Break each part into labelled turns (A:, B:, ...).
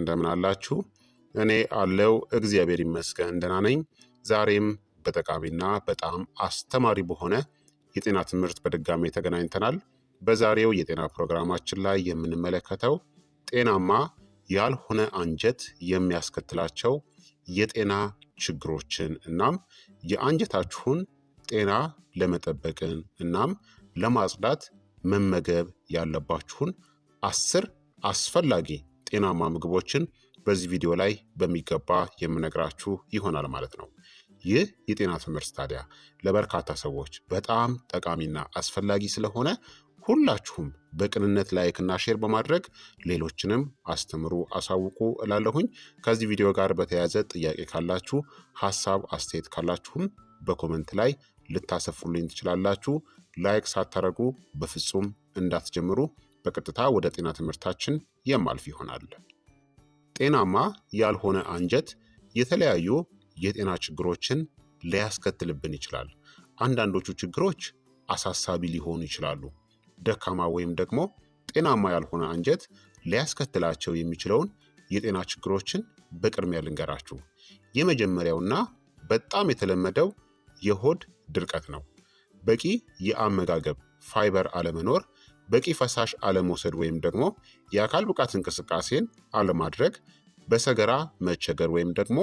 A: እንደምን አላችሁ? እኔ አለው እግዚአብሔር ይመስገን ደህና ነኝ። ዛሬም በጠቃሚና በጣም አስተማሪ በሆነ የጤና ትምህርት በድጋሜ ተገናኝተናል። በዛሬው የጤና ፕሮግራማችን ላይ የምንመለከተው ጤናማ ያልሆነ አንጀት የሚያስከትላቸው የጤና ችግሮችን እናም የአንጀታችሁን ጤና ለመጠበቅን እናም ለማጽዳት መመገብ ያለባችሁን አስር አስፈላጊ ጤናማ ምግቦችን በዚህ ቪዲዮ ላይ በሚገባ የምነግራችሁ ይሆናል ማለት ነው። ይህ የጤና ትምህርት ታዲያ ለበርካታ ሰዎች በጣም ጠቃሚና አስፈላጊ ስለሆነ ሁላችሁም በቅንነት ላይክና ሼር በማድረግ ሌሎችንም አስተምሩ፣ አሳውቁ እላለሁኝ። ከዚህ ቪዲዮ ጋር በተያያዘ ጥያቄ ካላችሁ፣ ሀሳብ አስተያየት ካላችሁም በኮመንት ላይ ልታሰፍሩልኝ ትችላላችሁ። ላይክ ሳታረጉ በፍጹም እንዳትጀምሩ። በቀጥታ ወደ ጤና ትምህርታችን የማልፍ ይሆናል። ጤናማ ያልሆነ አንጀት የተለያዩ የጤና ችግሮችን ሊያስከትልብን ይችላል። አንዳንዶቹ ችግሮች አሳሳቢ ሊሆኑ ይችላሉ። ደካማ ወይም ደግሞ ጤናማ ያልሆነ አንጀት ሊያስከትላቸው የሚችለውን የጤና ችግሮችን በቅድሚያ ልንገራችሁ። የመጀመሪያውና በጣም የተለመደው የሆድ ድርቀት ነው። በቂ የአመጋገብ ፋይበር አለመኖር በቂ ፈሳሽ አለመውሰድ ወይም ደግሞ የአካል ብቃት እንቅስቃሴን አለማድረግ፣ በሰገራ መቸገር ወይም ደግሞ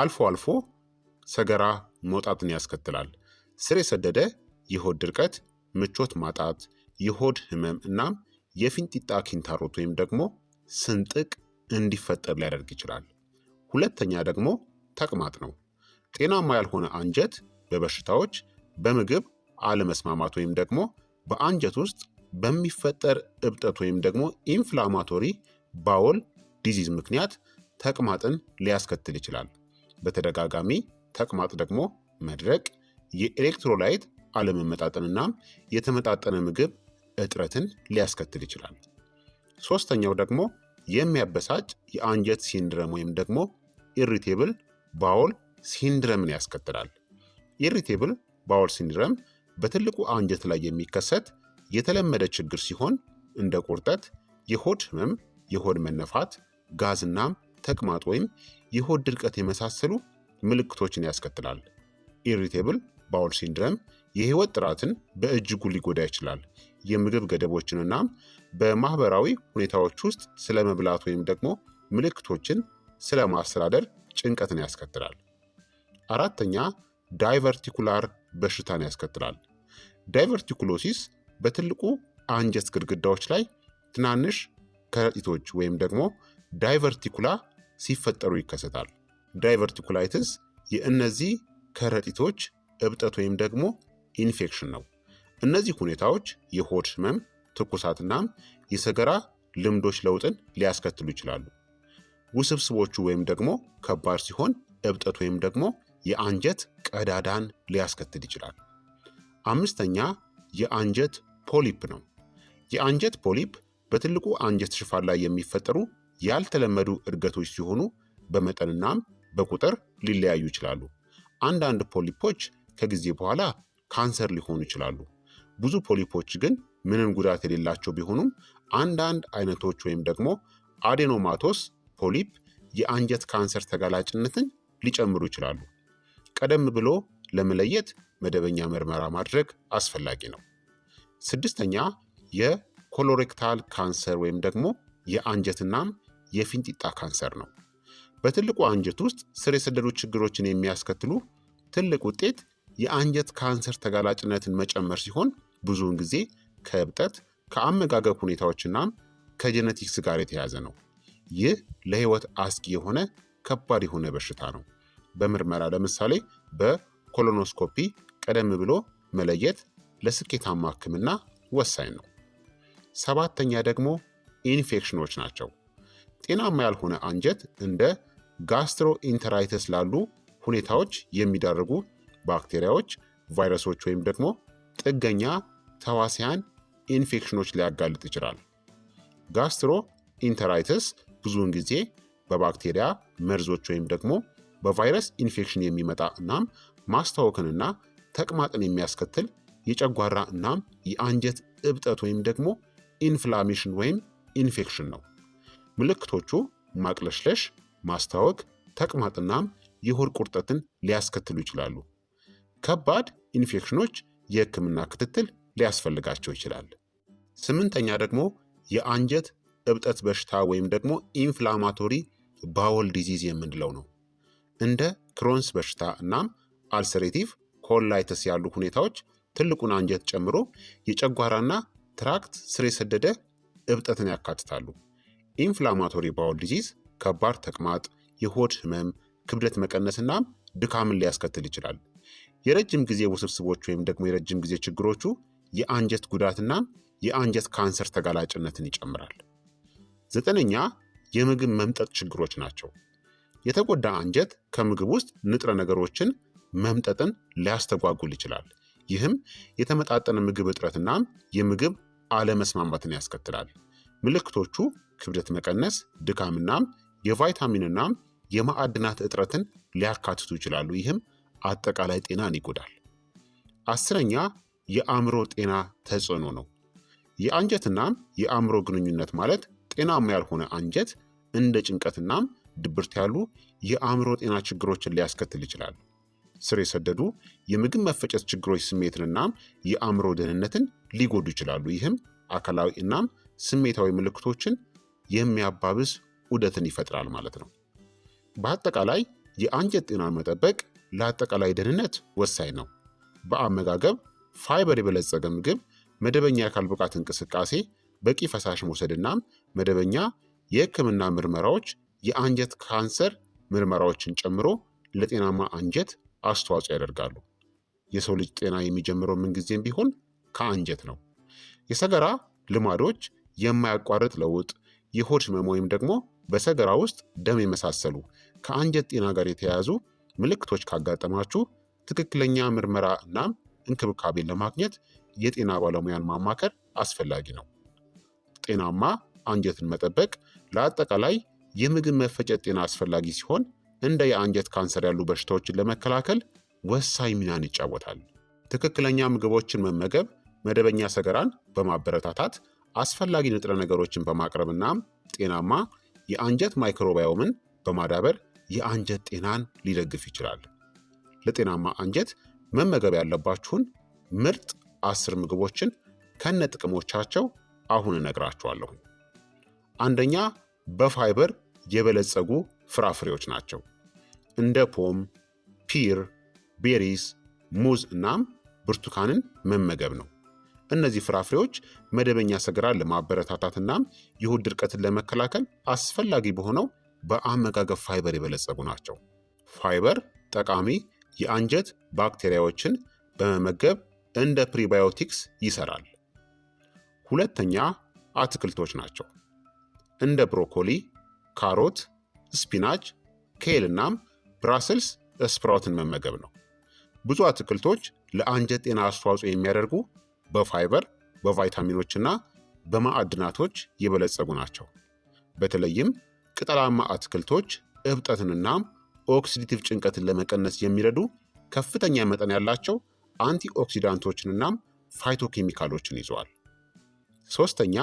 A: አልፎ አልፎ ሰገራ መውጣትን ያስከትላል። ስር የሰደደ የሆድ ድርቀት፣ ምቾት ማጣት፣ የሆድ ህመም እናም የፊንጢጣ ኪንታሮት ወይም ደግሞ ስንጥቅ እንዲፈጠር ሊያደርግ ይችላል። ሁለተኛ ደግሞ ተቅማጥ ነው። ጤናማ ያልሆነ አንጀት በበሽታዎች በምግብ አለመስማማት ወይም ደግሞ በአንጀት ውስጥ በሚፈጠር እብጠት ወይም ደግሞ ኢንፍላማቶሪ ባወል ዲዚዝ ምክንያት ተቅማጥን ሊያስከትል ይችላል። በተደጋጋሚ ተቅማጥ ደግሞ መድረቅ፣ የኤሌክትሮላይት አለመመጣጠንና የተመጣጠነ ምግብ እጥረትን ሊያስከትል ይችላል። ሶስተኛው ደግሞ የሚያበሳጭ የአንጀት ሲንድረም ወይም ደግሞ ኢሪቴብል ባወል ሲንድረምን ያስከትላል። ኢሪቴብል ባወል ሲንድረም በትልቁ አንጀት ላይ የሚከሰት የተለመደ ችግር ሲሆን እንደ ቁርጠት፣ የሆድ ህመም፣ የሆድ መነፋት፣ ጋዝናም ተቅማጥ ወይም የሆድ ድርቀት የመሳሰሉ ምልክቶችን ያስከትላል። ኢሪቴብል ባውል ሲንድረም የህይወት ጥራትን በእጅጉ ሊጎዳ ይችላል። የምግብ ገደቦችንና በማህበራዊ ሁኔታዎች ውስጥ ስለ መብላት ወይም ደግሞ ምልክቶችን ስለ ማስተዳደር ጭንቀትን ያስከትላል። አራተኛ ዳይቨርቲኩላር በሽታን ያስከትላል። ዳይቨርቲኩሎሲስ በትልቁ አንጀት ግድግዳዎች ላይ ትናንሽ ከረጢቶች ወይም ደግሞ ዳይቨርቲኩላ ሲፈጠሩ ይከሰታል። ዳይቨርቲኩላይትስ የእነዚህ ከረጢቶች እብጠት ወይም ደግሞ ኢንፌክሽን ነው። እነዚህ ሁኔታዎች የሆድ ህመም፣ ትኩሳትናም የሰገራ ልምዶች ለውጥን ሊያስከትሉ ይችላሉ። ውስብስቦቹ ወይም ደግሞ ከባድ ሲሆን እብጠት ወይም ደግሞ የአንጀት ቀዳዳን ሊያስከትል ይችላል። አምስተኛ የአንጀት ፖሊፕ ነው። የአንጀት ፖሊፕ በትልቁ አንጀት ሽፋን ላይ የሚፈጠሩ ያልተለመዱ እድገቶች ሲሆኑ በመጠንናም በቁጥር ሊለያዩ ይችላሉ። አንዳንድ ፖሊፖች ከጊዜ በኋላ ካንሰር ሊሆኑ ይችላሉ። ብዙ ፖሊፖች ግን ምንም ጉዳት የሌላቸው ቢሆኑም አንዳንድ አይነቶች ወይም ደግሞ አዴኖማቶስ ፖሊፕ የአንጀት ካንሰር ተጋላጭነትን ሊጨምሩ ይችላሉ። ቀደም ብሎ ለመለየት መደበኛ ምርመራ ማድረግ አስፈላጊ ነው። ስድስተኛ የኮሎሬክታል ካንሰር ወይም ደግሞ የአንጀትናም የፊንጢጣ ካንሰር ነው። በትልቁ አንጀት ውስጥ ስር የሰደዱ ችግሮችን የሚያስከትሉ ትልቅ ውጤት የአንጀት ካንሰር ተጋላጭነትን መጨመር ሲሆን ብዙውን ጊዜ ከእብጠት ከአመጋገብ ሁኔታዎችናም ከጀነቲክስ ጋር የተያያዘ ነው። ይህ ለህይወት አስጊ የሆነ ከባድ የሆነ በሽታ ነው። በምርመራ ለምሳሌ በኮሎኖስኮፒ ቀደም ብሎ መለየት ለስኬታማ ህክምና ወሳኝ ነው። ሰባተኛ ደግሞ ኢንፌክሽኖች ናቸው። ጤናማ ያልሆነ አንጀት እንደ ጋስትሮ ኢንተራይተስ ላሉ ሁኔታዎች የሚዳርጉ ባክቴሪያዎች፣ ቫይረሶች ወይም ደግሞ ጥገኛ ተዋሲያን ኢንፌክሽኖች ሊያጋልጥ ይችላል። ጋስትሮ ኢንተራይተስ ብዙውን ጊዜ በባክቴሪያ መርዞች ወይም ደግሞ በቫይረስ ኢንፌክሽን የሚመጣ እናም ማስታወክንና ተቅማጥን የሚያስከትል የጨጓራ እናም የአንጀት እብጠት ወይም ደግሞ ኢንፍላሜሽን ወይም ኢንፌክሽን ነው። ምልክቶቹ ማቅለሽለሽ፣ ማስታወክ፣ ተቅማጥናም የሆድ ቁርጠትን ሊያስከትሉ ይችላሉ። ከባድ ኢንፌክሽኖች የህክምና ክትትል ሊያስፈልጋቸው ይችላል። ስምንተኛ ደግሞ የአንጀት እብጠት በሽታ ወይም ደግሞ ኢንፍላማቶሪ ባወል ዲዚዝ የምንለው ነው። እንደ ክሮንስ በሽታ እናም አልሰሬቲቭ ኮላይተስ ያሉ ሁኔታዎች ትልቁን አንጀት ጨምሮ የጨጓራና ትራክት ስር የሰደደ እብጠትን ያካትታሉ። ኢንፍላማቶሪ ባውል ዲዚዝ ከባድ ተቅማጥ፣ የሆድ ህመም፣ ክብደት መቀነስና ድካምን ሊያስከትል ይችላል። የረጅም ጊዜ ውስብስቦች ወይም ደግሞ የረጅም ጊዜ ችግሮቹ የአንጀት ጉዳትና የአንጀት ካንሰር ተጋላጭነትን ይጨምራል። ዘጠነኛ የምግብ መምጠጥ ችግሮች ናቸው። የተጎዳ አንጀት ከምግብ ውስጥ ንጥረ ነገሮችን መምጠጥን ሊያስተጓጉል ይችላል። ይህም የተመጣጠነ ምግብ እጥረትና የምግብ አለመስማማትን ያስከትላል። ምልክቶቹ ክብደት መቀነስ፣ ድካምና የቫይታሚንና የማዕድናት እጥረትን ሊያካትቱ ይችላሉ። ይህም አጠቃላይ ጤናን ይጎዳል። አስረኛ የአእምሮ ጤና ተጽዕኖ ነው። የአንጀትናም የአእምሮ ግንኙነት ማለት ጤናማ ያልሆነ አንጀት እንደ ጭንቀትናም ድብርት ያሉ የአእምሮ ጤና ችግሮችን ሊያስከትል ይችላል። ስር የሰደዱ የምግብ መፈጨት ችግሮች ስሜትንና የአእምሮ ደህንነትን ሊጎዱ ይችላሉ። ይህም አካላዊ እናም ስሜታዊ ምልክቶችን የሚያባብስ ዑደትን ይፈጥራል ማለት ነው። በአጠቃላይ የአንጀት ጤና መጠበቅ ለአጠቃላይ ደህንነት ወሳኝ ነው። በአመጋገብ ፋይበር የበለጸገ ምግብ፣ መደበኛ የአካል ብቃት እንቅስቃሴ፣ በቂ ፈሳሽ መውሰድናም መደበኛ የህክምና ምርመራዎች የአንጀት ካንሰር ምርመራዎችን ጨምሮ ለጤናማ አንጀት አስተዋጽኦ ያደርጋሉ። የሰው ልጅ ጤና የሚጀምረው ምንጊዜም ቢሆን ከአንጀት ነው። የሰገራ ልማዶች የማያቋርጥ ለውጥ፣ የሆድ ህመም ወይም ደግሞ በሰገራ ውስጥ ደም የመሳሰሉ ከአንጀት ጤና ጋር የተያያዙ ምልክቶች ካጋጠማችሁ ትክክለኛ ምርመራ እናም እንክብካቤን ለማግኘት የጤና ባለሙያን ማማከር አስፈላጊ ነው። ጤናማ አንጀትን መጠበቅ ለአጠቃላይ የምግብ መፈጨት ጤና አስፈላጊ ሲሆን እንደ የአንጀት ካንሰር ያሉ በሽታዎችን ለመከላከል ወሳኝ ሚናን ይጫወታል። ትክክለኛ ምግቦችን መመገብ መደበኛ ሰገራን በማበረታታት አስፈላጊ ንጥረ ነገሮችን በማቅረብና ጤናማ የአንጀት ማይክሮባዮምን በማዳበር የአንጀት ጤናን ሊደግፍ ይችላል። ለጤናማ አንጀት መመገብ ያለባችሁን ምርጥ አስር ምግቦችን ከነ ጥቅሞቻቸው አሁን እነግራችኋለሁ። አንደኛ በፋይበር የበለጸጉ ፍራፍሬዎች ናቸው። እንደ ፖም፣ ፒር፣ ቤሪስ፣ ሙዝ እናም ብርቱካንን መመገብ ነው። እነዚህ ፍራፍሬዎች መደበኛ ሰገራን ለማበረታታት እናም የሆድ ድርቀትን ለመከላከል አስፈላጊ በሆነው በአመጋገብ ፋይበር የበለጸጉ ናቸው። ፋይበር ጠቃሚ የአንጀት ባክቴሪያዎችን በመመገብ እንደ ፕሪባዮቲክስ ይሰራል። ሁለተኛ አትክልቶች ናቸው። እንደ ብሮኮሊ፣ ካሮት፣ ስፒናች፣ ኬል እናም ብራስልስ ስፕራውትን መመገብ ነው። ብዙ አትክልቶች ለአንጀት ጤና አስተዋጽኦ የሚያደርጉ በፋይበር በቫይታሚኖችና በማዕድናቶች የበለጸጉ ናቸው። በተለይም ቅጠላማ አትክልቶች እብጠትንና ኦክሲዲቲቭ ጭንቀትን ለመቀነስ የሚረዱ ከፍተኛ መጠን ያላቸው አንቲኦክሲዳንቶችንናም ፋይቶኬሚካሎችን ይዘዋል። ሶስተኛ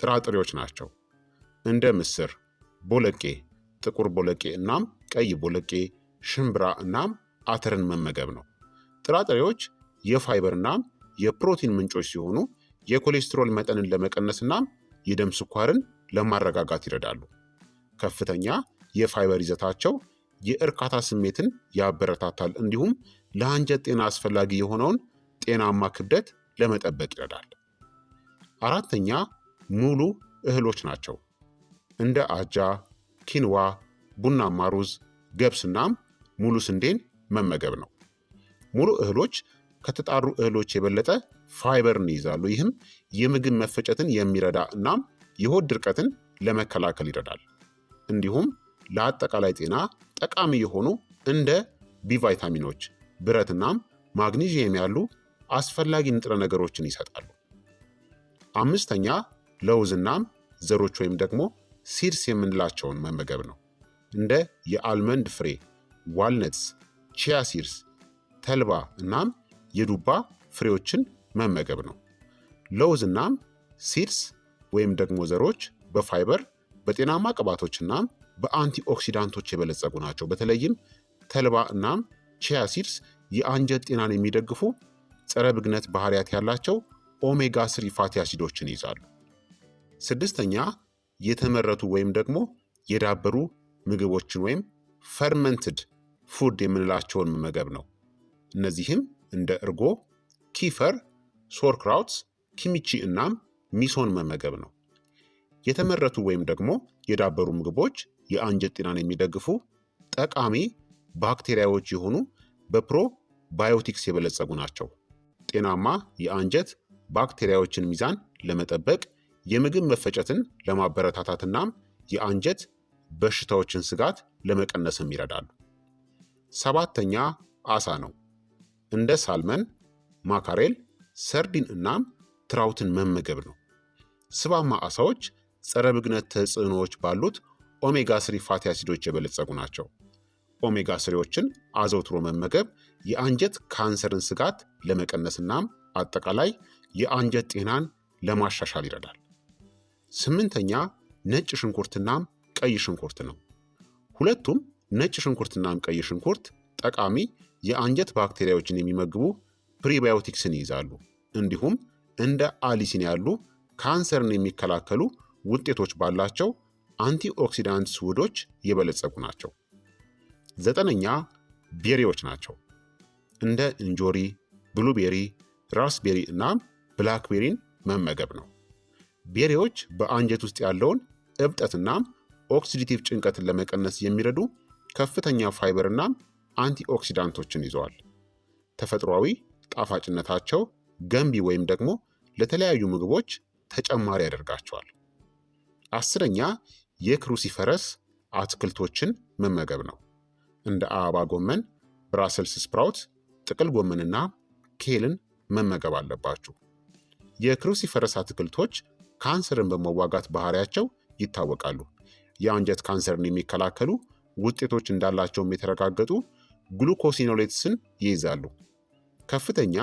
A: ጥራጥሬዎች ናቸው። እንደ ምስር፣ ቦለቄ፣ ጥቁር ቦለቄ እናም ቀይ ቦለቄ፣ ሽምብራ እናም አተርን መመገብ ነው። ጥራጥሬዎች የፋይበር እናም የፕሮቲን ምንጮች ሲሆኑ የኮሌስትሮል መጠንን ለመቀነስ እናም የደም ስኳርን ለማረጋጋት ይረዳሉ። ከፍተኛ የፋይበር ይዘታቸው የእርካታ ስሜትን ያበረታታል፣ እንዲሁም ለአንጀት ጤና አስፈላጊ የሆነውን ጤናማ ክብደት ለመጠበቅ ይረዳል። አራተኛ ሙሉ እህሎች ናቸው። እንደ አጃ፣ ኪንዋ፣ ቡናማ ሩዝ፣ ገብስናም ሙሉ ስንዴን መመገብ ነው። ሙሉ እህሎች ከተጣሩ እህሎች የበለጠ ፋይበርን ይይዛሉ። ይህም የምግብ መፈጨትን የሚረዳ እናም የሆድ ድርቀትን ለመከላከል ይረዳል። እንዲሁም ለአጠቃላይ ጤና ጠቃሚ የሆኑ እንደ ቢ ቫይታሚኖች፣ ብረትናም ማግኒዥየም ያሉ አስፈላጊ ንጥረ ነገሮችን ይሰጣሉ። አምስተኛ ለውዝናም ዘሮች ወይም ደግሞ ሲድስ የምንላቸውን መመገብ ነው። እንደ የአልመንድ ፍሬ፣ ዋልነትስ፣ ቺያ ሲድስ ተልባ እናም የዱባ ፍሬዎችን መመገብ ነው። ለውዝ እናም ሲድስ ወይም ደግሞ ዘሮች በፋይበር በጤናማ ቅባቶች እናም በአንቲኦክሲዳንቶች የበለጸጉ ናቸው። በተለይም ተልባ እናም ቺያ ሲድስ የአንጀት ጤናን የሚደግፉ ጸረ ብግነት ባህሪያት ያላቸው ኦሜጋ ስሪ ፋቲ አሲዶችን ይይዛሉ። ስድስተኛ የተመረቱ ወይም ደግሞ የዳበሩ ምግቦችን ወይም ፈርመንትድ ፉድ የምንላቸውን መመገብ ነው። እነዚህም እንደ እርጎ፣ ኪፈር፣ ሶርክራውትስ፣ ኪሚቺ እናም ሚሶን መመገብ ነው። የተመረቱ ወይም ደግሞ የዳበሩ ምግቦች የአንጀት ጤናን የሚደግፉ ጠቃሚ ባክቴሪያዎች የሆኑ በፕሮ ባዮቲክስ የበለጸጉ ናቸው። ጤናማ የአንጀት ባክቴሪያዎችን ሚዛን ለመጠበቅ የምግብ መፈጨትን ለማበረታታትናም የአንጀት በሽታዎችን ስጋት ለመቀነስም ይረዳሉ። ሰባተኛ አሳ ነው። እንደ ሳልመን፣ ማካሬል፣ ሰርዲን እናም ትራውትን መመገብ ነው። ስባማ አሳዎች ጸረ ብግነት ተጽዕኖዎች ባሉት ኦሜጋ ስሪ ፋቲ አሲዶች የበለጸጉ ናቸው። ኦሜጋ ስሪዎችን አዘውትሮ መመገብ የአንጀት ካንሰርን ስጋት ለመቀነስናም አጠቃላይ የአንጀት ጤናን ለማሻሻል ይረዳል። ስምንተኛ ነጭ ሽንኩርትናም ቀይ ሽንኩርት ነው። ሁለቱም ነጭ ሽንኩርትናም ቀይ ሽንኩርት ጠቃሚ የአንጀት ባክቴሪያዎችን የሚመግቡ ፕሪባዮቲክስን ይይዛሉ። እንዲሁም እንደ አሊሲን ያሉ ካንሰርን የሚከላከሉ ውጤቶች ባላቸው አንቲኦክሲዳንትስ ውህዶች የበለጸጉ ናቸው። ዘጠነኛ ቤሪዎች ናቸው። እንደ እንጆሪ፣ ብሉቤሪ፣ ራስቤሪ እናም ብላክቤሪን መመገብ ነው። ቤሬዎች በአንጀት ውስጥ ያለውን እብጠትና ኦክሲዲቲቭ ጭንቀትን ለመቀነስ የሚረዱ ከፍተኛ ፋይበርና አንቲኦክሲዳንቶችን ይዘዋል። ተፈጥሯዊ ጣፋጭነታቸው ገንቢ ወይም ደግሞ ለተለያዩ ምግቦች ተጨማሪ ያደርጋቸዋል። አስረኛ የክሩሲፈረስ አትክልቶችን መመገብ ነው። እንደ አበባ ጎመን፣ ብራሰልስ ስፕራውት፣ ጥቅል ጎመንና ኬልን መመገብ አለባችሁ። የክሩሲፈረስ አትክልቶች ካንሰርን በመዋጋት ባህሪያቸው ይታወቃሉ። የአንጀት ካንሰርን የሚከላከሉ ውጤቶች እንዳላቸውም የተረጋገጡ ግሉኮሲኖሌትስን ይይዛሉ። ከፍተኛ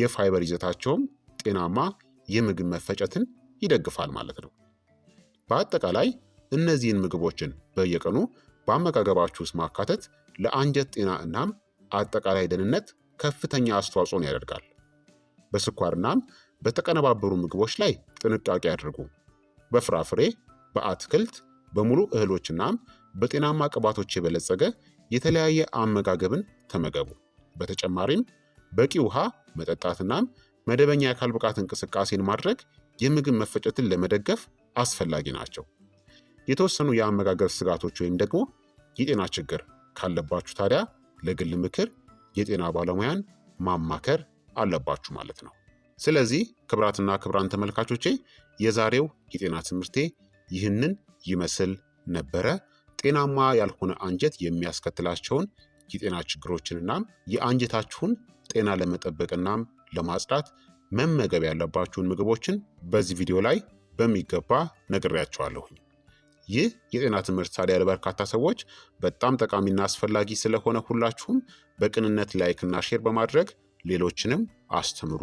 A: የፋይበር ይዘታቸውም ጤናማ የምግብ መፈጨትን ይደግፋል ማለት ነው። በአጠቃላይ እነዚህን ምግቦችን በየቀኑ በአመጋገባችሁ ውስጥ ማካተት ለአንጀት ጤና እናም አጠቃላይ ደህንነት ከፍተኛ አስተዋጽኦን ያደርጋል። በስኳርናም በተቀነባበሩ ምግቦች ላይ ጥንቃቄ አድርጉ። በፍራፍሬ፣ በአትክልት፣ በሙሉ እህሎችናም በጤናማ ቅባቶች የበለጸገ የተለያየ አመጋገብን ተመገቡ። በተጨማሪም በቂ ውሃ መጠጣትናም መደበኛ የአካል ብቃት እንቅስቃሴን ማድረግ የምግብ መፈጨትን ለመደገፍ አስፈላጊ ናቸው። የተወሰኑ የአመጋገብ ስጋቶች ወይም ደግሞ የጤና ችግር ካለባችሁ ታዲያ ለግል ምክር የጤና ባለሙያን ማማከር አለባችሁ ማለት ነው። ስለዚህ ክብራትና ክብራን ተመልካቾቼ የዛሬው የጤና ትምህርቴ ይህንን ይመስል ነበረ። ጤናማ ያልሆነ አንጀት የሚያስከትላቸውን የጤና ችግሮችንናም የአንጀታችሁን ጤና ለመጠበቅናም ለማጽዳት መመገብ ያለባችሁን ምግቦችን በዚህ ቪዲዮ ላይ በሚገባ ነግሬያቸዋለሁኝ። ይህ የጤና ትምህርት ታዲያ ለበርካታ ሰዎች በጣም ጠቃሚና አስፈላጊ ስለሆነ ሁላችሁም በቅንነት ላይክና ሼር በማድረግ ሌሎችንም አስተምሩ